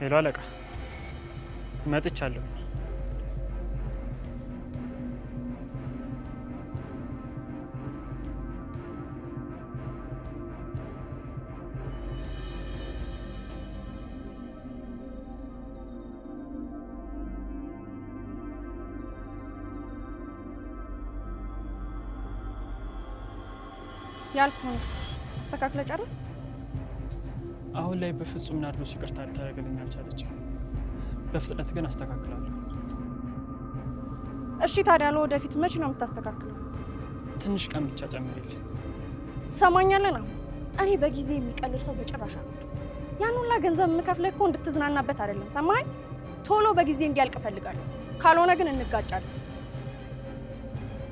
ሄሎ አለቃ፣ መጥቻለሁ። ያልኩንስ አስተካክለ ጨርስ። አሁን ላይ በፍጹም ናርዶስ ይቅርታ ልታደርግልኝ አልቻለችም። በፍጥነት ግን አስተካክላለሁ። እሺ ታዲያ ለወደፊት መቼ ነው የምታስተካክለው? ትንሽ ቀን ብቻ ጨምርልኝ። ትሰማኛለህ? ነው እኔ በጊዜ የሚቀልል ሰው በጭራሽ ነው። ያን ሁላ ገንዘብ የምከፍለህ እኮ እንድትዝናናበት አይደለም። ሰማኝ፣ ቶሎ በጊዜ እንዲያልቅ እፈልጋለሁ። ካልሆነ ግን እንጋጫለን።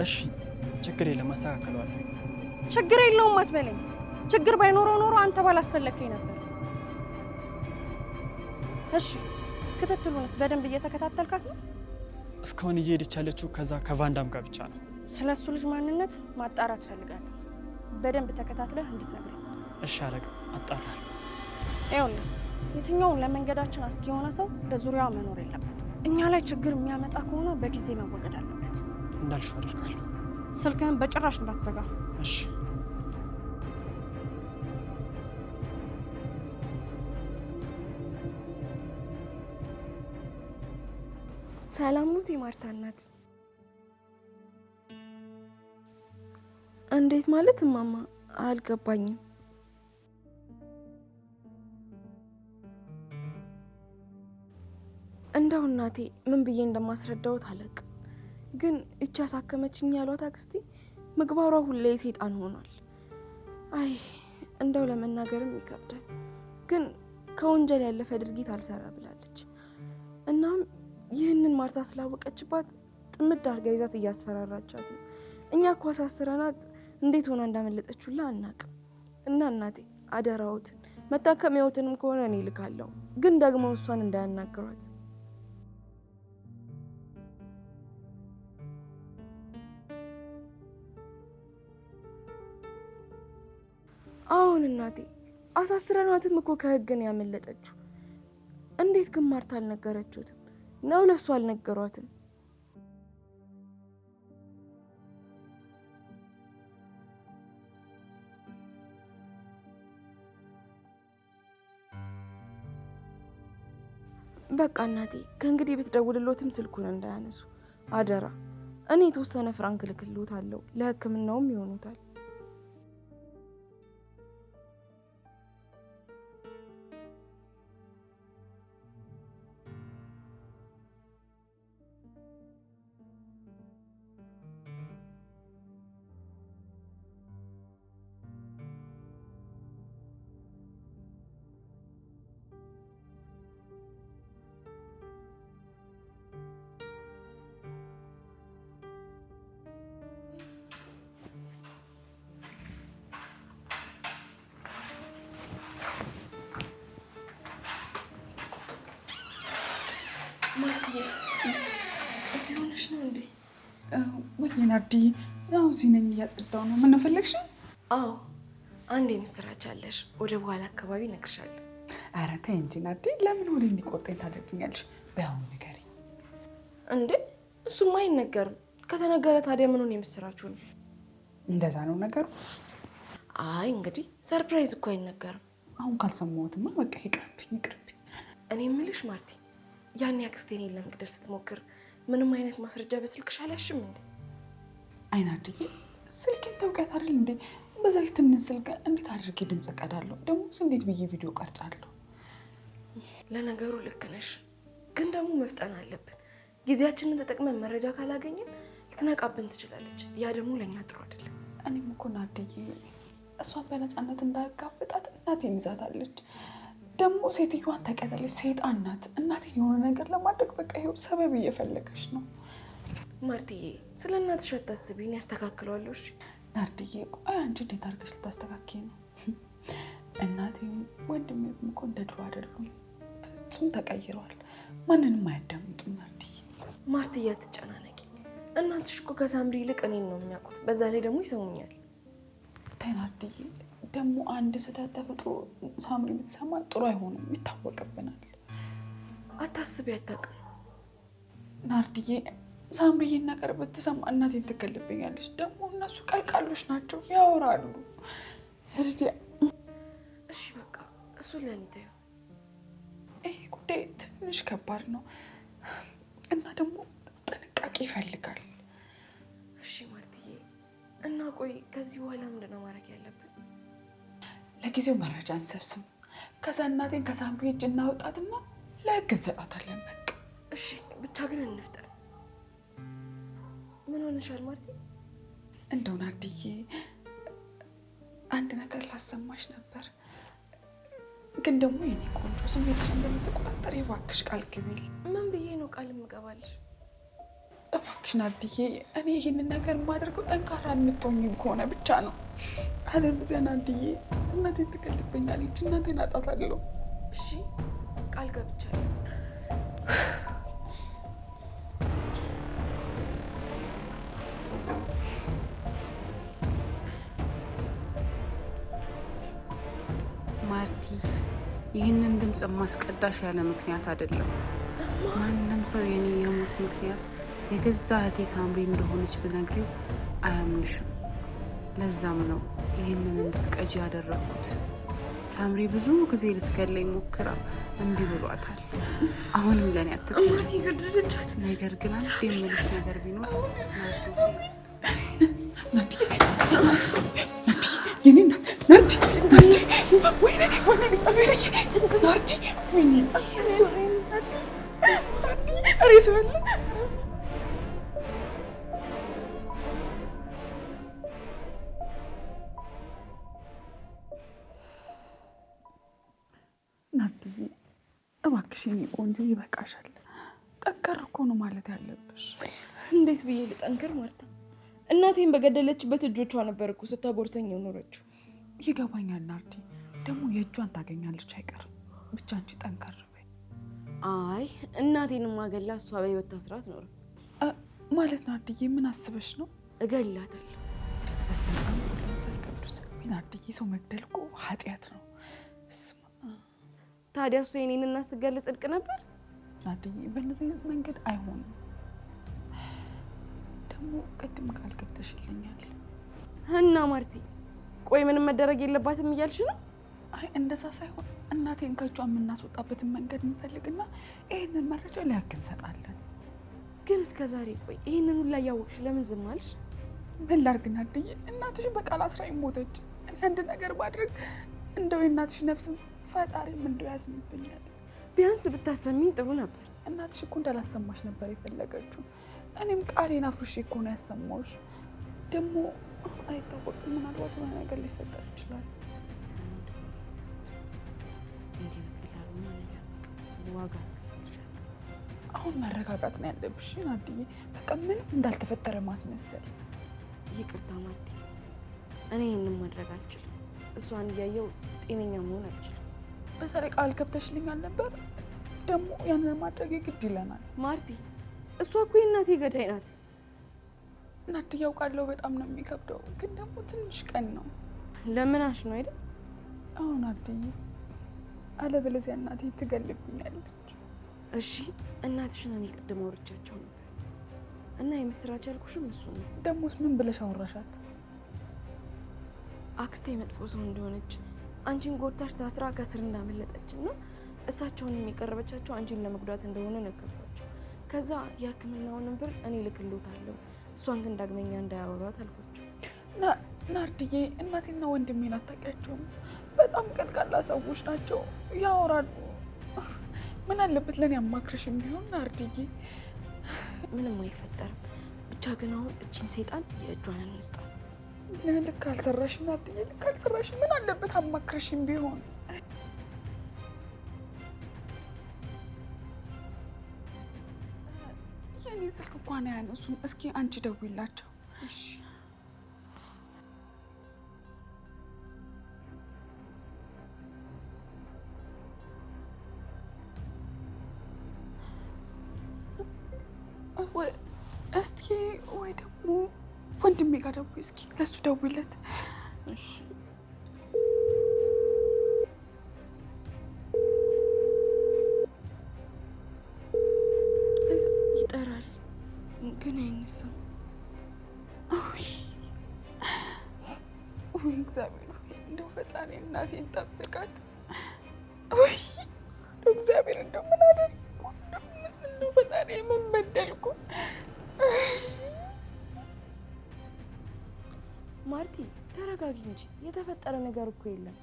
እሺ ችግር የለም አስተካክለዋለሁ። ችግር የለውም አትበለኝ። ችግር ባይኖረው ኖሮ አንተ ባላስፈለግከኝ ነበር። እሺ ክትትሉንስ በደንብ እየተከታተልካት ነው? እስካሁን እየሄደች ያለችው ከዛ ከቫንዳም ጋር ብቻ ነው። ስለ እሱ ልጅ ማንነት ማጣራት ፈልጋለሁ። በደንብ ተከታትለህ እንድትነግረኝ። እሺ አለቃ፣ አጣራለሁ። ይኸውልህ የትኛውን ለመንገዳችን አስጊ የሆነ ሰው በዙሪያዋ መኖር የለበት። እኛ ላይ ችግር የሚያመጣ ከሆነ በጊዜ መወገድ አለበት። እንዳልሽው አደርጋለሁ። ስልክህን በጭራሽ እንዳትዘጋ። እሺ ሰላም ኖት? የማርታ እናት እንዴት ማለት እማማ? አልገባኝም። እንደው እናቴ ምን ብዬ እንደማስረዳውት አለቅ። ግን እቺ አሳከመችኝ ያሏት አክስቴ ምግባሯ ሁሌ ሰይጣን ሆኗል። አይ እንደው ለመናገርም ይከብዳል። ግን ከወንጀል ያለፈ ድርጊት አልሰራ ብላለች። እናም ይህንን ማርታ ስላወቀችባት ጥምድ አርጋ ይዛት እያስፈራራቻት ነው። እኛ እኮ አሳስረናት እንዴት ሆና እንዳመለጠችላ አናቅም። እና እናቴ አደራዎትን መታከሚያዎትንም ከሆነ እኔ ይልካለሁ፣ ግን ደግሞ እሷን እንዳያናግሯት። አሁን እናቴ አሳስረናትም እኮ ከህግን ያመለጠችው። እንዴት ግን ማርታ አልነገረችሁትም? ነው ለሱ አልነገሯትም። በቃ እናቴ ከእንግዲህ ብትደውልሎትም ስልኩን እንዳያነሱ አደራ። እኔ የተወሰነ ፍራንክ አለው ለሕክምናውም ይሆኑታል። ወይኔ ናርዲዬ፣ ያው እዚህ ነኝ እያጸዳሁ ነው። ምን ነው ፈለግሽ? አዎ አንድ የምስራች አለሽ። ወደ በኋላ አካባቢ እነግርሻለሁ። ኧረ ተይ እንጂ ናርዲ፣ ለምን ወደ የሚቆጣኝ ታደርግኛለሽ? በያሁን ንገሪኝ። እንዴ እሱማ አይነገርም። ከተነገረ ታዲያ ምን ሆነ? የምስራችሁ ነው። እንደዛ ነው ነገሩ። አይ እንግዲህ ሰርፕራይዝ እኮ አይነገርም። አሁን ካልሰማሁትማ በቃ ይቅርብኝ፣ ይቅርብኝ። እኔ የምልሽ ማርቲ፣ ያኔ አክስቴን ለመግደል ስትሞክር ምንም አይነት ማስረጃ በስልክሽ አላሽም እንዴ? አይናድዬ ስልኬን ታውቂያት አይደል እንዴ? በዛ የትንን ስልክ እንዴት አድርጌ ድምፅ ቀዳለሁ? ደግሞ እንዴት ብዬ ቪዲዮ ቀርጻለሁ? ለነገሩ ልክ ነሽ፣ ግን ደግሞ መፍጠን አለብን። ጊዜያችንን ተጠቅመን መረጃ ካላገኘን ልትነቃብን ትችላለች። ያ ደግሞ ለእኛ ጥሩ አይደለም። እኔም እኮ ናድዬ እሷን በነፃነት እንዳያጋፍጣት እናቴ ይዛታለች። ደግሞ ሴትዮዋን ተቀጠለች። ሰይጣን ናት። እናቴን የሆነ ነገር ለማድረግ በቃ ይኸው ሰበብ እየፈለገች ነው። ማርትዬ ስለ እናትሽ አታስቢ፣ እኔ አስተካክለዋለሁ። ናርድዬ ቆይ አንቺ እንዴት አድርገሽ ልታስተካክይ ነው? እናቴ ወንድሜ እኮ እንደ ድሮ አይደሉም፣ ፍጹም ተቀይረዋል። ማንንም አያዳምጡም። ናርድዬ ማርትዬ አትጨናነቂ፣ እናትሽ እኮ ከሳምሪ ይልቅ እኔን ነው የሚያውቁት። በዛ ላይ ደግሞ ይሰሙኛል። ተይ ናርድዬ ደግሞ አንድ ስህተት ተፈጥሮ ሳምሪ የምትሰማ ጥሩ አይሆንም፣ ይታወቅብናል። አታስቢ፣ አታውቅም ናርድዬ። ሳምሪዬ ነገር ብትሰማ እናቴን ትገልብኛለች። ደግሞ እነሱ ቀልቃሎች ናቸው፣ ያወራሉ። እሺ በቃ እሱ ለኔ ይህ ጉዳይ ትንሽ ከባድ ነው እና ደግሞ ጥንቃቄ ይፈልጋል። እሺ ማርትዬ፣ እና ቆይ ከዚህ በኋላ ምንድነው ነው ማድረግ ያለብን? ለጊዜው መረጃ እንሰብስብ፣ ከዛ እናቴን ከሳምቢ እጅ እናውጣትና ለህግ እንሰጣታለን። በቃ እሺ፣ ብቻ ግን እንፍጠር። ምን ሆነሻል ማርቲ? እንደው ናርዲዬ አንድ ነገር ላሰማሽ ነበር፣ ግን ደግሞ የኔ ቆንጆ ስሜትሽ እንደምትቆጣጠር የባክሽ ቃል ግቢል። ምን ብዬ ነው ቃል የምገባልሽ? እባክሽ ናርዲዬ፣ እኔ ይህንን ነገር የማደርገው ጠንካራ የምትሆኝም ከሆነ ብቻ ነው። አለምዚያን አንድዬ እናቴ ትቀልበኛለች። እናቴን አጣታለሁ። እሺ ቃል ገብቻለሁ። ማርቲ፣ ይህንን ድምፅ ማስቀዳሽ ያለ ምክንያት አይደለም። ማንም ሰው የኔ የሞት ምክንያት የገዛ እህቴ ሳምሪ እንደሆነች ብነግሪው አያምንሽም። ለዛም ነው ይህንን እንድትቀጂ ያደረግኩት። ሳምሪ ብዙ ጊዜ ልትገለኝ ሞክራ እምቢ ብሏታል። አሁንም ለእኔ አትጠይቅ። ነገር ግን አንድ የምልሽ ነገር ቢኖር ናዲ እባክሽ የኔ ቆንጆ ይበቃሻል። ጠንከር እኮ ነው ማለት ያለብሽ። እንዴት ብዬ ልጠንክር ማርታ? እናቴን በገደለችበት እጆቿ ነበር እኮ ስታጎርሰኝ የኖረችው። ይገባኛል ናርዲ፣ ደግሞ የእጇን ታገኛለች አይቀርም። ብቻ አንቺ ጠንከር በይ። አይ እናቴንም አገላ እሷ በህይወት ታስራ ኖረ ማለት ናርዲዬ፣ ምን አስበሽ ነው? እገላታለሁ። በስመ አብ ወመንፈስ ቅዱስ ናርዲዬ፣ ሰው መግደል እኮ ኃጢአት ነው። ታዲያ እሱ የኔን እና ጽድቅ ነበር። ናደዬ በእነዚህ አይነት መንገድ አይሆንም። ደግሞ ቅድም ቃል ገብተሽልኛል እና ማርቲ፣ ቆይ ምንም መደረግ የለባትም እያልሽ ነው? አይ እንደዛ ሳይሆን እናቴን ከእጇ የምናስወጣበትን መንገድ እንፈልግና ይህንን መረጃ ሊያክ እንሰጣለን። ግን እስከ ዛሬ ቆይ ይህንን ሁላ እያወቅሽ ለምን ዝም አልሽ? ምን ላድርግ እናትሽ በቃል አስራ ሞተች። እኔ አንድ ነገር ማድረግ እንደው የእናትሽ ነፍስም ፈጣሪም እንደው ያዝንብኛል። ቢያንስ ብታሰሚኝ ጥሩ ነበር። እናትሽ እኮ እንዳላሰማሽ ነበር የፈለገችው። እኔም ቃሌን አፍርሼ እኮ ነው ያሰማሁሽ። ደግሞ አይታወቅም፣ ምናልባት የሆነ ነገር ሊፈጠር ይችላል። አሁን መረጋጋት ነው ያለብሽ ናድዬ። በቃ ምንም እንዳልተፈጠረ ማስመሰል። ይቅርታ ማርቲ፣ እኔ ይህንን ማድረግ አልችልም። እሷን እያየው ጤነኛ መሆን አልችልም። በዛ ቃል ገብተሽልኛል ነበር። ደግሞ ያንን ማድረግ ግድ ይለናል። ማርቲ፣ እሷ እኮ የእናቴ ገዳይ ናት። ናት እያውቃለሁ፣ በጣም ነው የሚከብደው፣ ግን ደግሞ ትንሽ ቀን ነው። ለምናሽ ነው አይደል? አሁን ናትዬ፣ አለበለዚያ እናቴ ትገልብኛለች። እሺ እናትሽን እኔ ቅድም አውርቻቸው ነበር እና የምስራች ያልኩሽም እሱ ነው። ደግሞስ ምን ብለሽ አወራሻት? አክስቴ መጥፎ ሰው እንደሆነች አንቺን ጎድታሽ ታስራ ከስር እንዳመለጠች እና እሳቸውን የሚቀርበቻቸው አንቺን ለመጉዳት እንደሆነ ነገርኳቸው። ከዛ የሕክምናውንም ብር እኔ ልክሎታለሁ፣ እሷን ግን ዳግመኛ እንዳያወሯት አልኳቸው። ናርድዬ እናቴና ወንድሜን አታውቂያቸውም። በጣም ቀልቃላ ሰዎች ናቸው፣ ያወራሉ። ምን አለበት ለእኔ አማክረሽም ቢሆን ናርድዬ፣ ምንም አይፈጠርም። ብቻ ግን አሁን እችን ሴጣን የእጇን እንስጣት። ልክ አልሰራሽም አብድዬ፣ ልክ አልሰራሽም። ምን አለበት አማክረሽም ቢሆን የኔ ስልክ እንኳን ያነሱም። እስኪ አንቺ ደውይላቸው። ደውይ እስኪ፣ ለሱ ደውይለት። ይጠራል ግን አይነሳም። ውይ እግዚአብሔር እንደው ፈጣሪ እናቴን ጠብቃት። ውይ እግዚአብሔር እንደው ምን እንደው ፈጣሪ ምን በደልኩ? ማርቲ ተረጋጊ እንጂ የተፈጠረ ነገር እኮ የለም።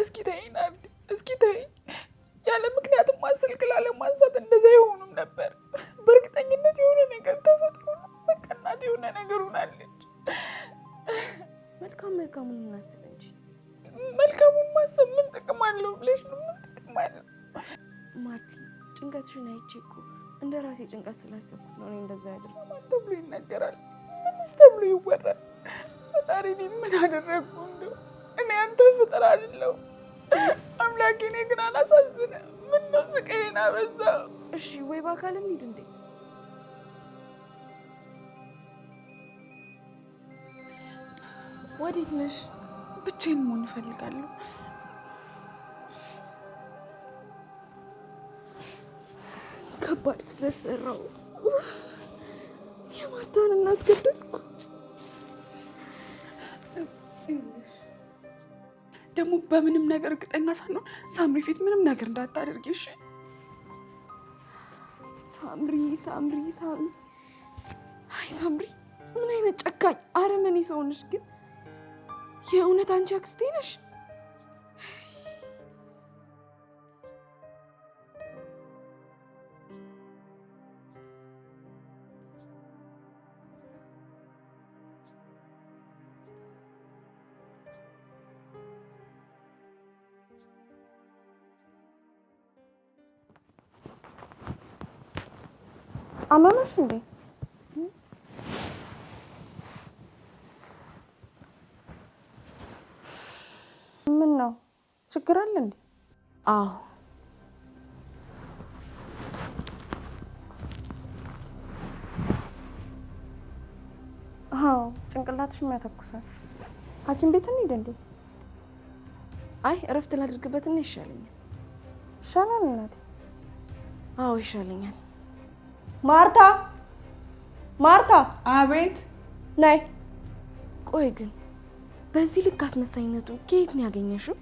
እስኪ ተይኝ እስኪ ተይኝ። ያለ ምክንያትም ስልክ ላለማንሳት እንደዚያ አይሆኑም ነበር። በእርግጠኝነት የሆነ ነገር ተፈጥሮ ነው። በቃ እናት የሆነ ነገር ሆናለች። መልካም መልካሙን እናስብ እንጂ መልካሙን ማሰብ ምን ጥቅም አለው ብለሽ ነው? ምን ጥቅም አለው? ማርቲ ጭንቀትሽን አይቼ እኮ እንደ ራሴ ጭንቀት ስላሰብኩት ነው እኔ እንደዛ ያደረኩት። ማን ተብሎ ይነገራል? ምንስ ተብሎ ይወራል? ፈጣሪ ምን አደረግኩ? እንደው እኔ አንተ ፍጥር አይደለው አምላኬ። እኔ ግን አላሳዝነ ምን ነው ስቃዬን አበዛ። እሺ ወይ በአካል እንሂድ እንዴ? ወዴት ነሽ? ብቻዬን መሆን እፈልጋለሁ። ከባድ ስለተሰራው የማርታን እናት ገደልኩ። ደግሞ በምንም ነገር እርግጠኛ ሳንሆን ሳምሪ ፊት ምንም ነገር እንዳታደርጊ እሺ? ሳምሪ ሳምሪ ሳምሪ፣ አይ ሳምሪ፣ ምን አይነት ጨካኝ አረመኔ ሰውንሽ ግን! የእውነት አንቺ አክስቴ ነሽ? አመመሽ እንዴ? ምን ነው ችግር አለ እንዴ? አዎ አዎ፣ ጭንቅላትሽ የሚያተኩሳል። ሐኪም ቤት እንሂድ እንዴ? አይ እረፍት ላድርግበትና ይሻለኛል። ይሻላል እናቴ። አዎ ይሻለኛል። ማርታ ማርታ። አቤት። ነይ። ቆይ ግን በዚህ ልክ አስመሳይነቱ ከየት ነው ያገኘሽው?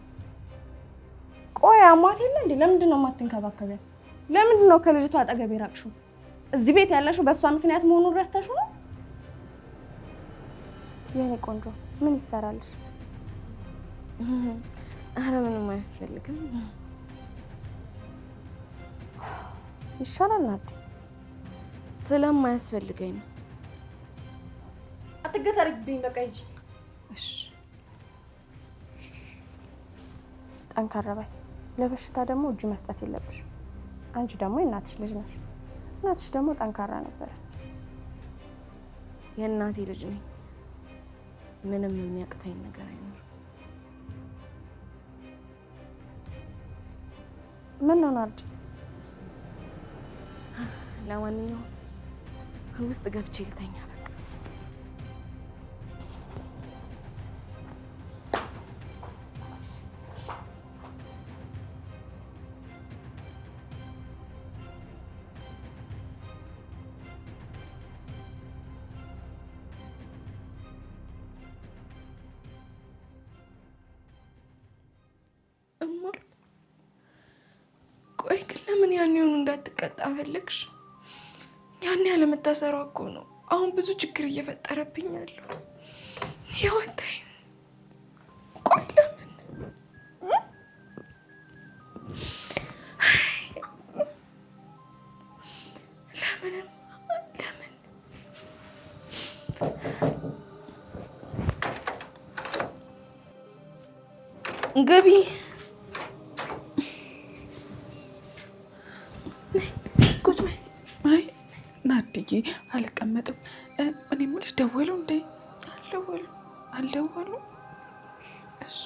ቆይ አሟት የለ እንዴ? ለምንድን ነው የማትንከባከቢያት? ለምንድን ነው ከልጅቷ አጠገብ የራቅሽው? እዚህ ቤት ያለሽው በእሷ ምክንያት መሆኑን ረስተሽው ነው? የኔ ቆንጆ ምን ይሰራልሽ? አረ ምንም አያስፈልግም። ይሻላል ናት ስለማያስፈልገኝ ነው። አትገተርብኝ፣ በቃ ሂጂ። ጠንካራ ባይ። ለበሽታ ደግሞ እጅ መስጠት የለብሽም። አንቺ ደግሞ የእናትሽ ልጅ ነሽ። እናትሽ ደግሞ ጠንካራ ነበረች። የእናቴ ልጅ ነኝ። ምንም የሚያቅታኝ ነገር አይኖርም። ምን ነው ናርዲ፣ ለማንኛውም ውስጥ ገብቼ ልተኛ። ቆይ ግን ለምን ያን የሆኑ እንዳትቀጣ ፈለግሽ? ያለመታሰሯ እኮ ነው አሁን ብዙ ችግር እየፈጠረብኝ ያለው። ይወጣኝ ቆይ ለምን ለምን ለምን ቁጭ በይ ናድዬ አልቀመጥም። እኔ የምልሽ ደወሉ እንዴ? አልደወሉ አልደወሉ። እሺ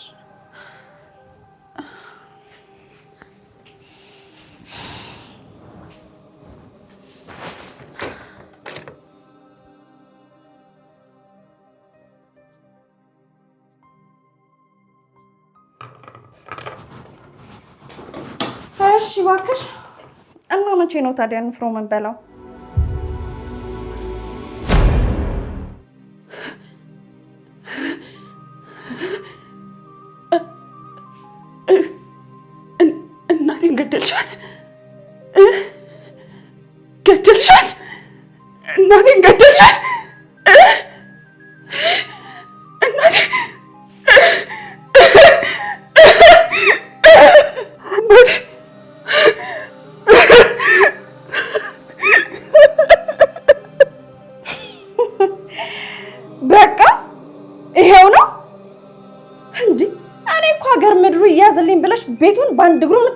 እባክሽ። እና መቼ ነው ታዲያ ንፍሮ የምንበላው?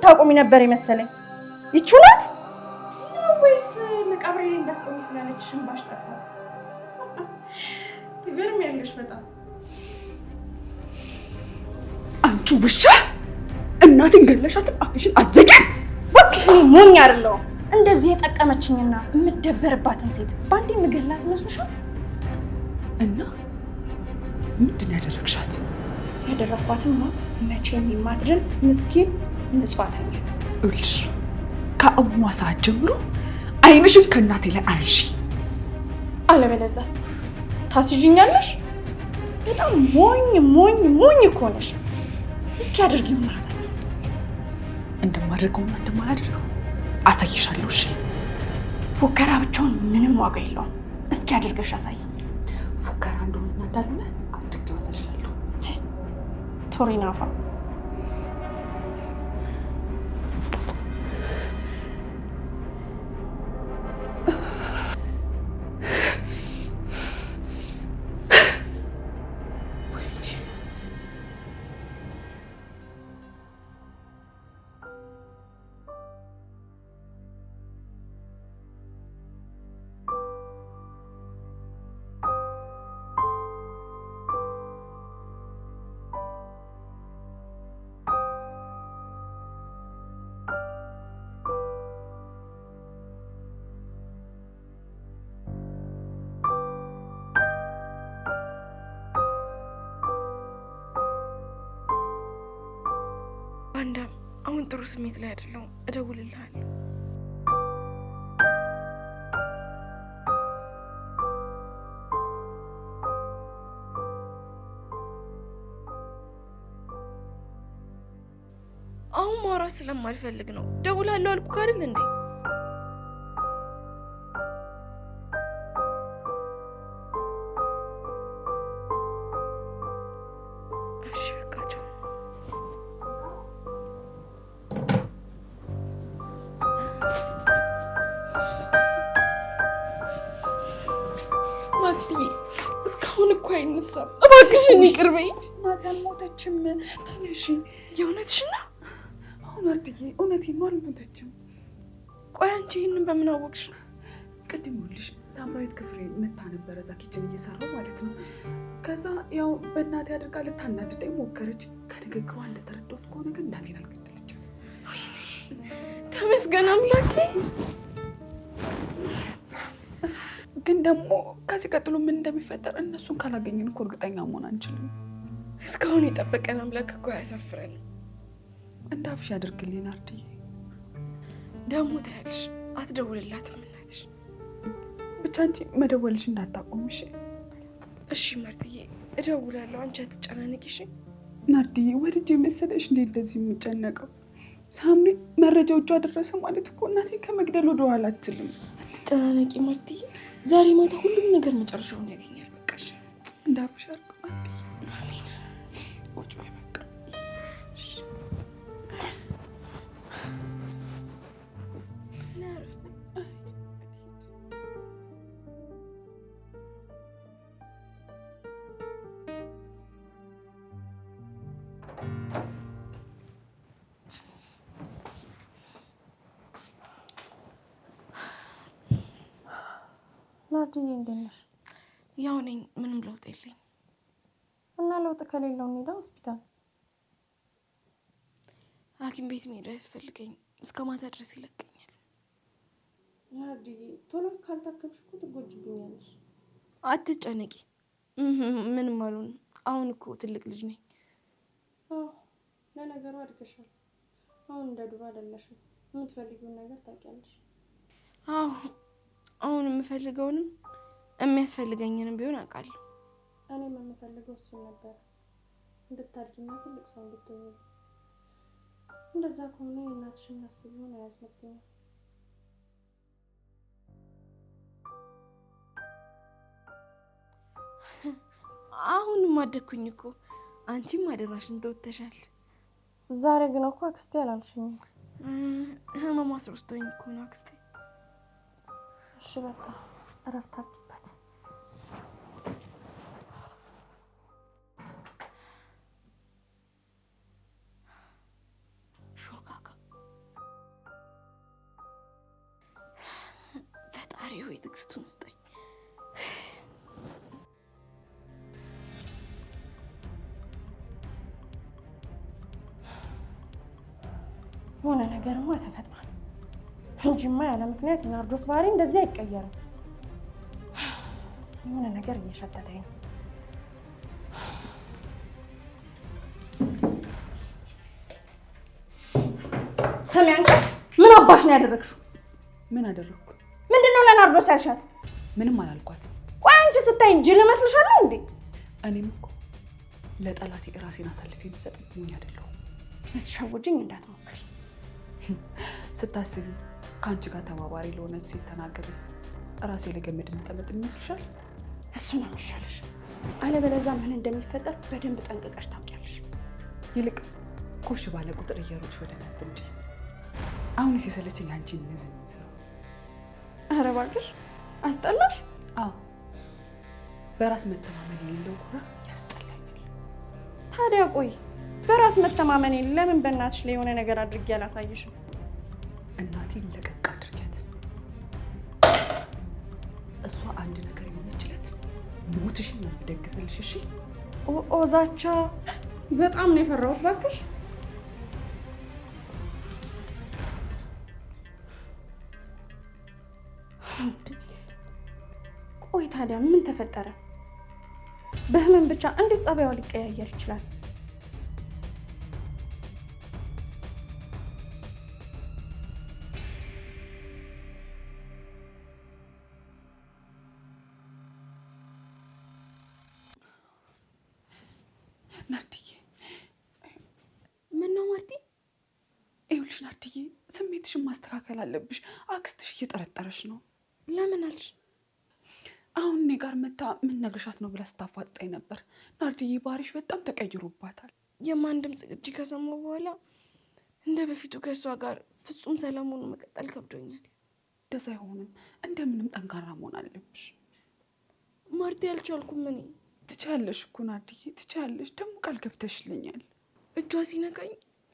የምታቆሚ ነበር የመሰለኝ። ይችሁናት ወይስ መቃብሬ ላይ እንዳትቆሚ ስላለች ሽንባሽ ጠፋ። ትገርሚያለሽ በጣም አንቺ ውሻ። እናትን ገለሻትን አፍሽን አዘጊ ወክሽ። ሞኝ አይደለው እንደዚህ የጠቀመችኝና የምደበርባትን ሴት በአንዴ የምገላት ይመስልሻል? እና ምንድን ያደረግሻት? ያደረግኳትማ መቼም የማትድን ምስኪን ምጽዋተኛ እልሽ ከአሁኗ ሰዓት ጀምሮ አይንሽም ከእናቴ ላይ አንሺ። አለበለዛስ ታስይዥኛለሽ። በጣም ሞኝ ሞኝ ሞኝ እኮ ነሽ። እስኪ አድርጊውን አሳይ። እንደማደርገውና እንደማላደርገው አሳይሻለሁ። እሺ ፉከራ ብቻውን ምንም ዋጋ የለውም። እስኪ አድርገሽ አሳይ። ፉከራ እንደሆነ አሳይሻለሁ። ቶሪናፋ ጥሩ ስሜት ላይ አይደለሁም። እደውልልሃለሁ። አሁን ማውራት ስለማልፈልግ ነው። ደውላለሁ አልኩህ አይደል እንዴ? እኮ አይነሳም። እባክሽን ይቅር በይኝ። ማርያም ሞተችም። ተነሺ። የእውነትሽን ነው? አሁን አርድዬ፣ እውነቴን ነው፣ አልሞተችም። ቆይ አንቺ ይህንን በምን አወቅሽ? ቅድም ይኸውልሽ ሳምራዊት ክፍሬ መታ ነበረ እዛ ኪችን እየሰራው ማለት ነው። ከዛ ያው በእናቴ አድርጋ ልታናድደኝ ሞከረች። ከንግግሯ እንደተረዳሁት ከሆነ ግን እናቴን አልገደለችም። ተመስገን አምላኬ። ግን ደግሞ ከዚህ ቀጥሎ ምን እንደሚፈጠር እነሱን ካላገኘን እኮ እርግጠኛ መሆን አንችልም። እስካሁን የጠበቀን አምላክ እኮ አያሳፍረን። እንደ አፍሽ ያድርግልን። አርድዬ ደግሞ ታያለሽ፣ አትደውልላትም እናትሽ። ብቻ አንቺ መደወልሽ እንዳታቆምሽ እሺ? መርትዬ እደውላለሁ፣ አንቺ አትጨናነቂሽ። ናርድዬ ወድጄ መሰለሽ እንዴ እንደዚህ የሚጨነቀው ሳምሪ እጇ ደረሰ ማለት እኮ እናቴ ከመግደል ወደኋላ አትልም። አትጨናነቂ ማርትዬ። ዛሬ ማታ ሁሉም ነገር መጨረሻውን ያገኛል። በቃሽ እንዳፍሻል ጓደኛ እንዴት ነሽ? ያው ነኝ፣ ምንም ለውጥ የለኝ። እና ለውጥ ከሌለው እንሄዳ ሆስፒታል ሐኪም ቤት መሄድ ያስፈልገኝ እስከ ማታ ድረስ ይለቀኛል። ናርዲዬ፣ ቶሎ ካልታከምሽ እኮ ትጎጅብኛለሽ። አትጨነቂ፣ ምንም አልሆንም። አሁን እኮ ትልቅ ልጅ ነኝ። ለነገሩ አድገሻል። አሁን እንደ ድሮ አይደለሽም። የምትፈልጊውን ነገር ታውቂያለሽ። አዎ አሁን የምፈልገውንም የሚያስፈልገኝንም ቢሆን አውቃለሁ። እኔም የምፈልገው እሱን ነበር፣ እንድታድጊና ትልቅ ሰው እንድትሆኝ። እንደዛ ከሆነ የእናትሽን ነፍስ ቢሆን አያስመጥኝም። አሁንም አደግኩኝ እኮ አንቺም አደራሽን ተወተሻል። ዛሬ ግን እኮ አክስቴ አላልሽኝም። ህመማ ስሮስቶኝ እኮ ነው አክስቴ እሺ በቃ እረፍት አድርጊበት። ሾካካ ፈጣሪ ሆይ ትዕግስቱን ስጠኝ። የሆነ ነገርማ ተፈጥሮ እንጂማ ያለ ምክንያት የናርዶስ ባህሪ እንደዚህ አይቀየርም። የሆነ ነገር እየሸተተኝ ነው። ስሚ አንቺ ምን አባሽ ነው ያደረግሽው? ምን አደረግኩ? ምንድን ነው ለናርዶስ ያልሻት? ምንም አላልኳት። ቆይ አንቺ ስታይ እንጂ ልመስልሻለሁ እንዴ? እኔም እኮ ለጠላቴ ራሴን አሳልፌ የምሰጥ አይደለሁም። ልትሸውጅኝ እንዳትሞክሪ ስታስቢ ከአንቺ ጋር ተባባሪ ለሆነች ሴት ተናገሪ። ራሴ ለገመድ የምጠመጥ ይመስልሻል? እሱ ነው የሚሻልሽ። አለበለዛ ምን እንደሚፈጠር በደንብ ጠንቅቀሽ ታውቂያለሽ። ይልቅ ኮሽ ባለ ቁጥር እየሮጥሽ ወደ ነበር እንጂ አሁንስ የሰለችኝ አንቺ ንዝን ስራ። ኧረ እባክሽ አስጠላሽ። አዎ በራስ መተማመን የሌለው ኩራ ያስጠላኛል። ታዲያ ቆይ በራስ መተማመኔን ለምን በእናትሽ ላይ የሆነ ነገር አድርጌ አላሳይሽም? እናቴ ይለቀ ለእሷ አንድ ነገር የሆነችለት ሞትሽ ነው የምደግስልሽ። እሺ ኦ ዛቻ በጣም ነው የፈራሁት። እባክሽ ቆይ ታዲያ ምን ተፈጠረ? በህመም ብቻ እንዴት ጸባይዋ ሊቀያየር ይችላል? እትዬ ስሜትሽን ማስተካከል አለብሽ። አክስትሽ እየጠረጠረሽ ነው። ለምን አልሽ? አሁን እኔ ጋር መታ ምን ነግረሻት ነው ብላ ስታፋጥጣኝ ነበር። ናርድዬ ባህሪሽ በጣም ተቀይሮባታል። የማን ድምፅ እጅ ከሰማሁ በኋላ እንደ በፊቱ ከእሷ ጋር ፍጹም ሰላም ሆኖ መቀጠል ከብዶኛል። ደስ አይሆንም። እንደምንም ጠንካራ መሆን አለብሽ ማርቴ። አልቻልኩም። እኔ ትቻለሽ እኮ ናርድዬ፣ ትቻለሽ። ደግሞ ቃል ገብተሽልኛል። እጇ ሲነካኝ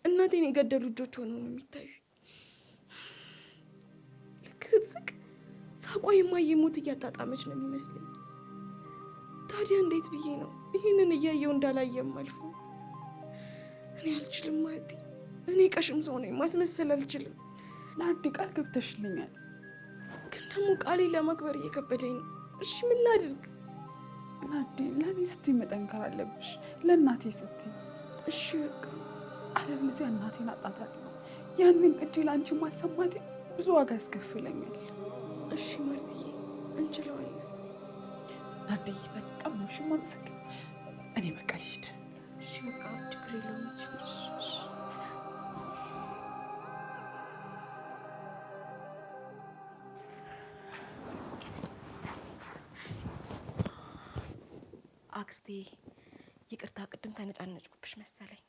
እናቴን የገደሉ እጆች ሆነው ነው የሚታዩ። ልክ ስትስቅ ሳቋ የማየ ሞት እያጣጣመች ነው የሚመስለኝ። ታዲያ እንዴት ብዬ ነው ይህንን እያየው እንዳላየም አልፎ እኔ አልችልም ማለት እኔ ቀሽም ሰው ነኝ፣ ማስመሰል አልችልም። ለአንድ ቃል ገብተሽልኛል፣ ግን ደግሞ ቃሌ ለማክበር እየከበደኝ ነው። እሺ ምን ላድርግ? ናዴ ለእኔ ስትይ መጠንከር አለብሽ፣ ለእናቴ ስትይ። እሺ በቃ አለበለዚያ እናቴን አጣታለሁ። ያንን ቅድ ለአንቺ ማሰማቴ ብዙ ዋጋ ያስከፍለኛል። እሺ ማርትዬ፣ እንችለዋለን። ናርድዬ፣ በጣም ነው ሽማ መሰግን። እኔ በቃ ይሄድ ችግር የለውም። አክስቴ፣ ይቅርታ ቅድም ተነጫነጭኩብሽ መሰለኝ።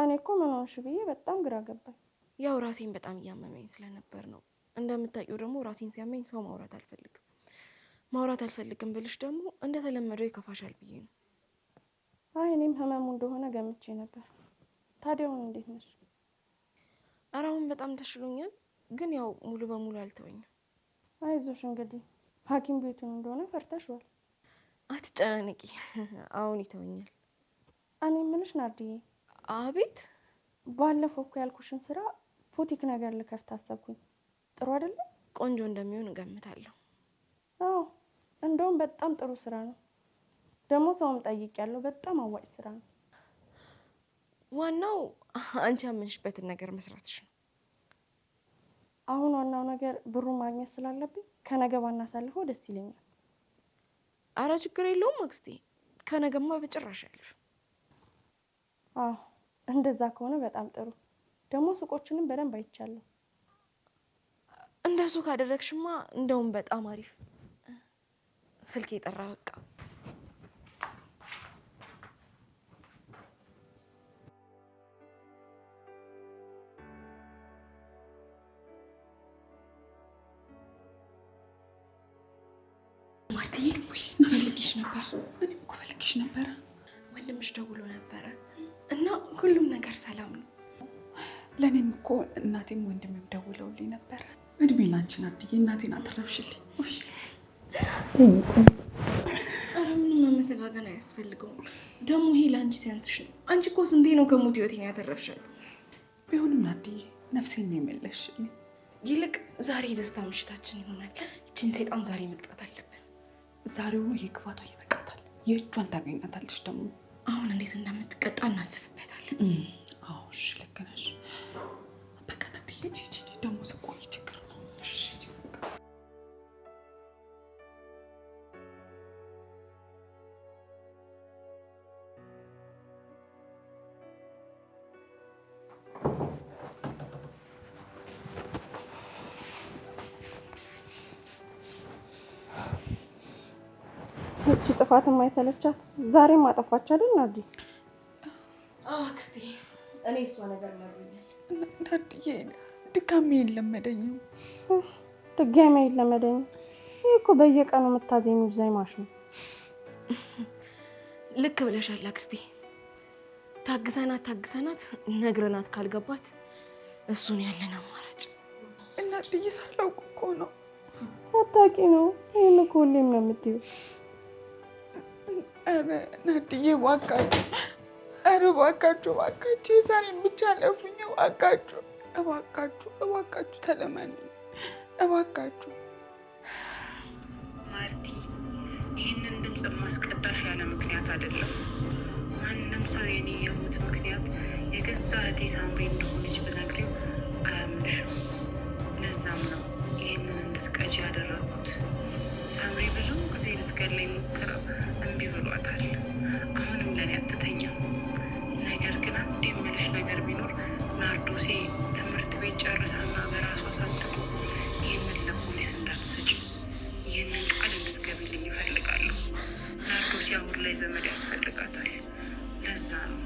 እኔ እኮ ምን ሆንሽ ብዬ በጣም ግራ ገባኝ። ያው ራሴን በጣም እያመመኝ ስለነበር ነው። እንደምታውቂው ደግሞ ራሴን ሲያመኝ ሰው ማውራት አልፈልግም። ማውራት አልፈልግም ብልሽ ደግሞ እንደተለመደው ይከፋሻል ብዬ ነው። አይ እኔም ህመሙ እንደሆነ ገምቼ ነበር። ታዲያውን እንዴት ነሽ? ኧረ አሁን በጣም ተሽሎኛል፣ ግን ያው ሙሉ በሙሉ አልተወኝም። አይዞሽ እንግዲህ ሐኪም ቤቱን እንደሆነ ፈርተሽዋል። አትጨናነቂ፣ አሁን ይተወኛል። እኔ ምንሽ ናርድዬ አቤት ባለፈው እኮ ያልኩሽን ስራ ቡቲክ ነገር ልከፍት አሰብኩኝ። ጥሩ አይደለም? ቆንጆ እንደሚሆን እገምታለሁ። አዎ እንደውም በጣም ጥሩ ስራ ነው። ደግሞ ሰውም ጠይቅ ያለው በጣም አዋጭ ስራ ነው። ዋናው አንቺ ያመንሽበትን ነገር መስራትሽ ነው። አሁን ዋናው ነገር ብሩ ማግኘት ስላለብኝ ከነገ ባናሳልፈው ደስ ይለኛል። አረ ችግር የለውም አክስቴ፣ ከነገማ በጭራሽ ያለፍ። አዎ እንደዛ ከሆነ በጣም ጥሩ። ደግሞ ሱቆችንም በደንብ አይቻለሁ። እንደሱ ካደረግሽማ እንደውም በጣም አሪፍ። ስልክ የጠራ በቃ ማርትዬ፣ ፈልግሽ ነበር። እኔም እኮ ፈልጌሽ ነበረ። ወንድምሽ ደውሎ ነበረ ሁሉም ነገር ሰላም ነው። ለእኔም እኮ እናቴም ወንድምም ደውለውልኝ ነበር። እድሜ ላንቺን አድዬ እናቴን አትረፍሽልኝ። አረ ምንም መመሰጋገን አያስፈልገውም። ደግሞ ይሄ ለአንቺ ሲያንስሽ ነው። አንቺ እኮ ስንቴ ነው ከሞት ህይወቴን ያተረፍሻት። ቢሆንም አድዬ ነፍሴን ነው የመለስሽልኝ። ይልቅ ዛሬ ደስታ ምሽታችን ይሆናል። ይችን ሴጣን ዛሬ መቅጣት አለብን። ዛሬው ይሄ ክፋቷ ይበቃታል። የእጇን ታገኛታለች ደግሞ አሁን እንዴት እንደምትቀጣ እናስብበታለን። አዎ ልክ ነሽ። በቀን ደግሞ ስቆይች እቺ ጥፋት የማይሰለቻት ዛሬም አጠፋች አይደል? ናዲ አክስቴ፣ እኔ እሷ ነገር መርኛል። ናድዬ፣ ድጋሜ የለመደኝም፣ ድጋሜ የለመደኝም። ይህ እኮ በየቀኑ የምታዜሚ ዛይማሽ ነው። ልክ ብለሻል አክስቴ። ታግዘናት ታግዘናት ነግረናት ካልገባት እሱን ያለን አማራጭ እና ልይሳለው እኮ ነው አታቂ ነው። ይህን እኮ ሁሌም ነው የምትይው ኧረ ናድዬ እባካችሁ፣ ኧረ እባካችሁ፣ እባካችሁ የዛሬን ብቻ ለፉኝ። እባካችሁ፣ እባካችሁ፣ እባካችሁ ተለመን፣ እባካችሁ ማርቲ። ይህንን ድምፅ ማስቀዳሽ ያለ ምክንያት አይደለም። ማንም ሰው የኔ የሞት ምክንያት የገዛ እህቴ ሳምሪ እንደሆነች ብነግሪው አያምንሽም። ለዛም ነው ይህንን እንድትቀጂ ያደረግኩት። ፀምሪ ብዙ ጊዜ ልትገለኝ ሞክራ እምቢ ብሏታል። አሁንም ለእኔ አትተኛም። ነገር ግን አንድ የምልሽ ነገር ቢኖር ናርዶሴ ትምህርት ቤት ጨርሳና በራሷ ሳትቆ ይህንን ለፖሊስ እንዳትሰጭ ይህንን ቃል እንድትገብልኝ ይፈልጋለሁ። ናርዶሴ አሁን ላይ ዘመድ ያስፈልጋታል። ለዛ ነው።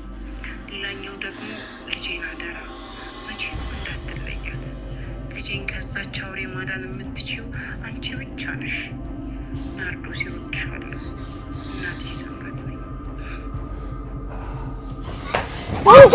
ሌላኛው ደግሞ ልጄን አደራ መቼ ነው እንዳትለያት። ልጄን ከዛች አውሬ ማዳን የምትችው አንቺ ብቻ ነሽ። ናርዶስ ይወድሻል። እናትሽ ሰንበት ነኝ። አንቺ